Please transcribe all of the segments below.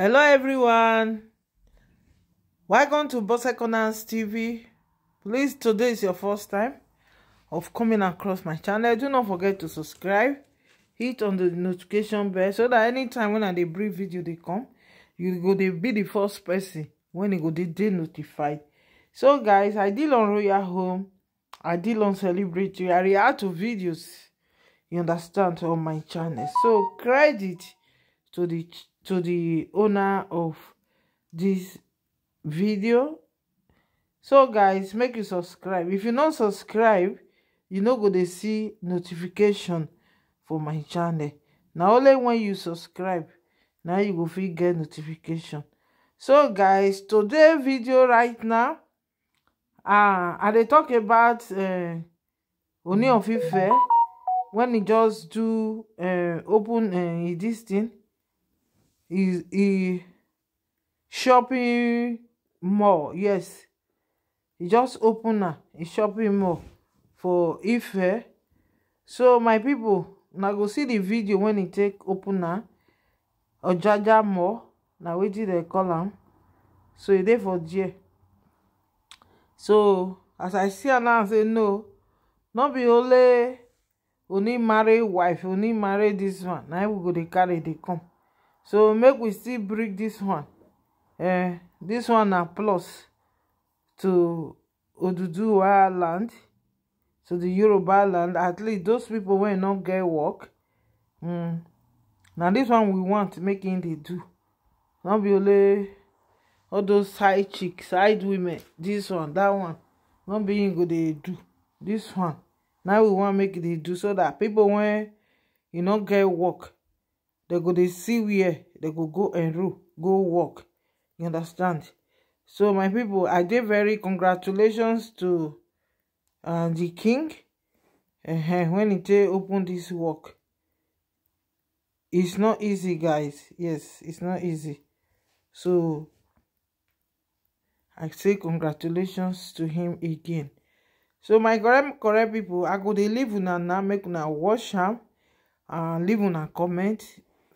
hello everyone welcome to Boss Corners TV please today is your first time of coming across my channel do not forget to subscribe hit on the notification bell so that anytime when i dey brief video they come you go They be the first person when you e go They they notified so guys i deal on royal home i deal on celebrity i react to videos you understand on my channel so credit to the to the owner of this video so guys make you subscribe if you no subscribe you no go to see notification for my channel Now only when you subscribe now you will fit get notification so guys today video right now uh, i they talk about uh, Ooni of Ife when he just do uh, open uh, this thing is he shopping mall yes he just open am a shopping mall for ife so my people, now go see the video when he take open am ojaja mall Now we dem call column. so he there for there so as i see am I say no Not be only only marry wife only marry dis one na we go to carry dey come so make we still break this one eh This one a plus to oduduwa land to the yoruba land at least those people wey not get work mm, Now this one we want making they do Not be only all those side chicks side women This one that one Not being good they do This one Now we want make they e do so that people wey you e not get work They go dey see where they go go enroll go work you understand so my people, i dey very congratulations to uh, the king -huh, wen e take open dis work it's not easy guys yes it's not easy so i say congratulations to him again so my correct correct pipo i go they leave una now make una watch him and uh, leave a comment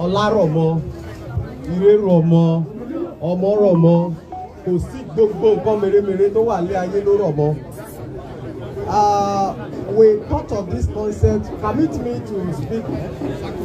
ọlárọ̀mọ ìrérọ̀mọ ọmọrọ̀mọ kò sí gbogbo nǹkan mèremère tó wà lé ayé ló rọ̀mọ. Ah, we thought of this concept permit me to speak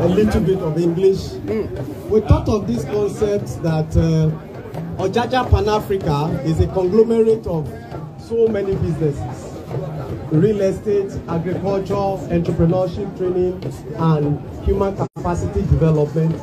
a little bit of English hmm. we thought of this concept that uh, Ojaja Pan Africa is a conglomerate of so many businesses real estate, agriculture, entrepreneurship training, and human capacity development.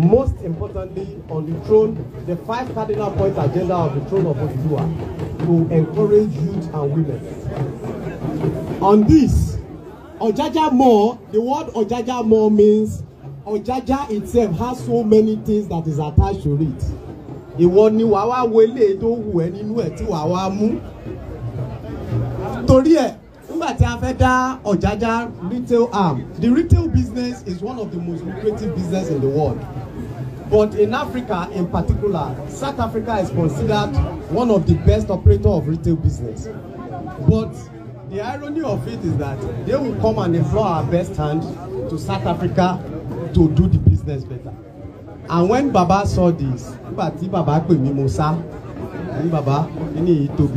Most importantly, on the throne, the five cardinal point agenda of the throne of Odua to encourage youth and women. On this, Ojaja More, the word Ojaja More means Ojaja itself has so many things that is attached to it. Ìwọ ni wàá wá wọlé tó wù ẹ́ nínú ẹ̀ tí wàá wá mú torí ẹ̀ nígbà tí a fẹ́ dá Ọ̀jájá retail arm the retail business is one of the most lucrative business in the world but in Africa in particular South Africa is considered one of the best operator of retail business but the irony of it is that they will come and employ our best hand to South Africa to do the business better and when Baba saw this nígbà tí Baba pè mí mo sá ní Baba kí ni tí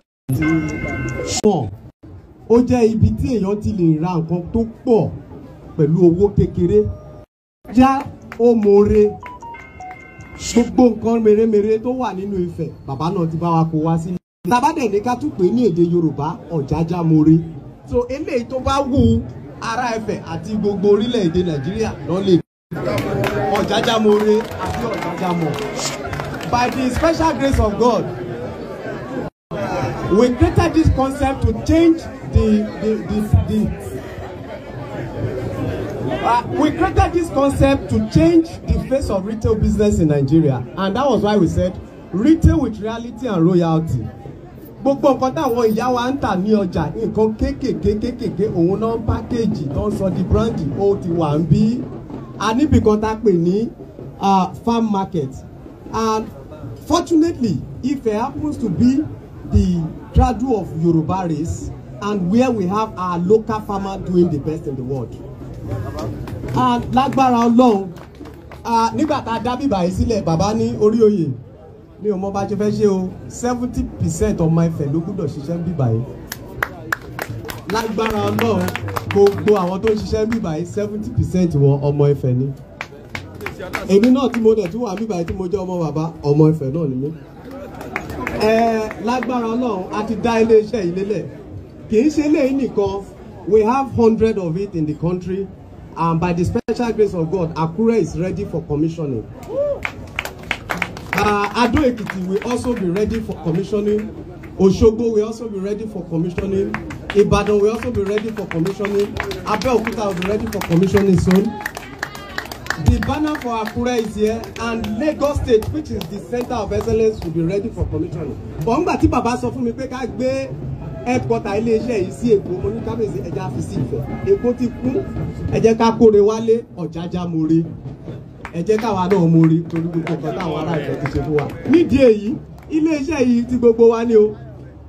wọ́n ó jẹ́ ibi tí èèyàn ti lè ra nǹkan tó pọ̀ pẹ̀lú owó kékeré já ó more gbogbo nǹkan mèremère tó wà nínú Ifẹ̀ bàbá náà ti bá wa kó wá sí. tàbá dẹ̀ ní ká tún pè ní èdè Yorùbá Ọ̀jájá more. so eléyìí tó bá wù ará Ifẹ̀ àti gbogbo orílẹ̀-èdè Nàìjíríà lọ́ lè Ọ̀jájá more àti Ọ̀jájá mọ̀. By the special grace of God, we created this concept to change the, the, uh, we created this concept to change the face of retail business in Nigeria and that was why we said retail with reality and royalty gbogbo nǹkan táwọn ìyá wa ń tà ní ọjà nǹkan kéékèèké kéékèèké òun náà ń pákéjì tó ń sọ di bíráǹdì ó ti wà ń bí a níbì kan tá a pè ní farm market and fortunately if it happens to be the cradle of Yoruba race and where we have our local farmer doing the best in the world. and ah, lágbára ọlọ́run ah, nígbà tá a dá bíbà yìí sílẹ̀ bàbá ní orí oyè mi ò mọ bá ṣe fẹ́ ṣe o seventy percent ọmọ Ifẹ̀ ló gbúdọ̀ ṣiṣẹ́ ń bíbà yìí lágbára ọlọ́run gbogbo àwọn tó ń ṣiṣẹ́ ń bíbà yìí seventy percent wọn ọmọ Ifẹ̀ ni èmi náà tí mo dẹ̀ tún wà bíbà yìí tí mo jẹ́ ọmọ bàbá ọmọ Ifẹ̀ náà ni mí eh, lágbára ọlọ́run a ti dá iléeṣẹ́ yìí lélẹ̀ kì í ṣe eléyìí nìkan we have hundred of it in the country and by the special grace of God Akure is ready for commissioning. Uh, Ado Ekiti will also be ready for commissioning. Osogbo will also be ready for commissioning. Ibadan will also be ready for commissioning. Abeokuta will be ready for commissioning soon. The banner for Akure is here and Lagos State which is the center of excellence will be ready for commissioning. Bọ̀ǹgbà tí bàbá sọ fún mi pé ká gbé ẹ̀kọ́ta iléeṣẹ́ yìí sí èkó mo ní kábíyèsí ẹja èkó ti kún ẹ ká kóre wálé ọ̀jájá mo re káwa náà mo torí gbogbo nǹkan táwọn ará ìfẹ́ ti ṣe fún wa. nídìí èyí iléeṣẹ́ yìí ti gbogbo wa ni o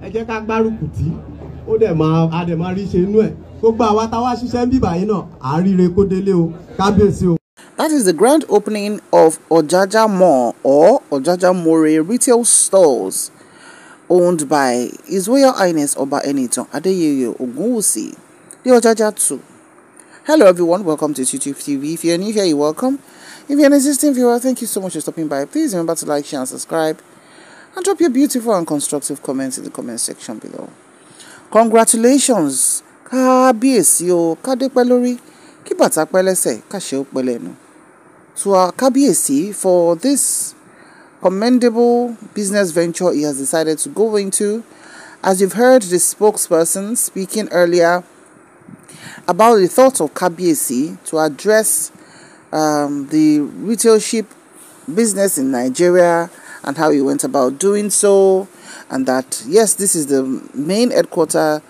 ẹ ká gbárùkù tí ó dẹ̀ máa a dẹ̀ máa rí ṣe inú ẹ̀ gbogbo àwa táwa ṣiṣẹ́ ń bíbà náà à kó délé o kábíyèsí o. That is the grand opening of Ojaja Mall or Ojaja More retail stores owned by His Royal Highness Oba Eniton Adeyeye Ogunwusi, the Ojaja Hello everyone, welcome to YouTube TV. If you're new here, you're welcome. If you're an existing viewer, thank you so much for stopping by. Please remember to like, share and subscribe. And drop your beautiful and constructive comments in the comment section below. Congratulations! Kábíyèsí o, Kádépẹ́ lórí, kí bàtà pẹ́ To our for this commendable business venture he has decided to go into. As you've heard the spokesperson speaking earlier about the thoughts of KBAC to address um, the retail ship business in Nigeria and how he went about doing so, and that yes, this is the main headquarter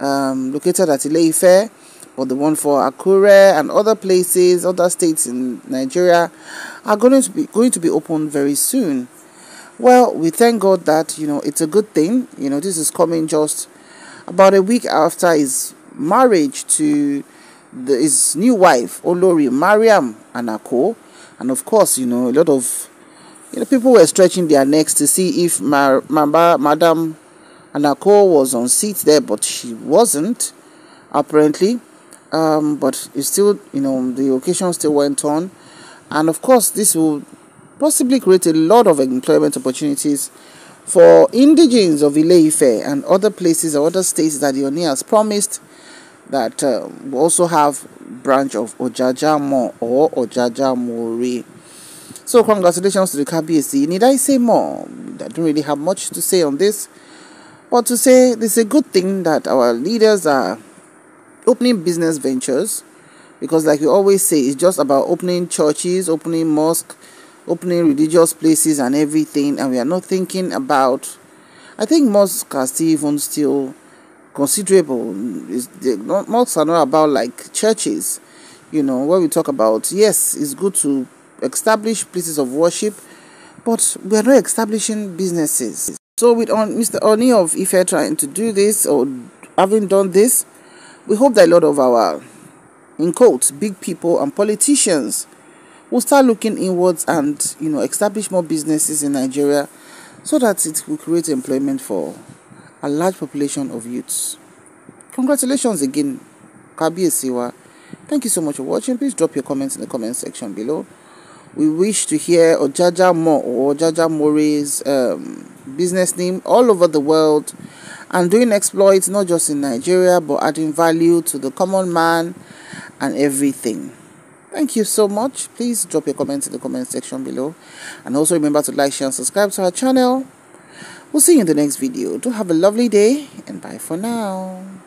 um, located at Ile-Ife, but the one for Akure and other places, other states in Nigeria, are going to be going to be open very soon. Well, we thank God that you know it's a good thing. You know, this is coming just about a week after his marriage to the, his new wife Olori Mariam Anako, and of course, you know a lot of you know people were stretching their necks to see if Mar- Mar- Madam Anako was on seat there, but she wasn't apparently. Um, but it's still, you know, the occasion still went on. And of course, this will possibly create a lot of employment opportunities for indigenes of Ile-Ife and other places or other states that Yoni has promised that uh, um, we also have branch of Ojajamo or Ojajamori. So congratulations to the KBSC. Need I say more? I don't really have much to say on this. But to say this is a good thing that our leaders are opening business ventures because like we always say it's just about opening churches opening mosques opening religious places and everything and we are not thinking about i think mosques are still even still considerable they, mosques are not about like churches you know what we talk about yes it's good to establish places of worship but we are not establishing businesses so with on mr oni of ife trying to do this or having done this we hope that a lot of our in quotes, big people and politicians will start looking inwards and you know establish more businesses in Nigeria so that it will create employment for a large population of youths. Congratulations again, Kabi Esiwa. Thank you so much for watching. Please drop your comments in the comment section below. We wish to hear Ojaja Mo or Ojaja Mori's um, business name all over the world and doing exploits not just in Nigeria but adding value to the common man and everything. Thank you so much. Please drop your comments in the comment section below. And also remember to like, share, and subscribe to our channel. We'll see you in the next video. Do have a lovely day and bye for now.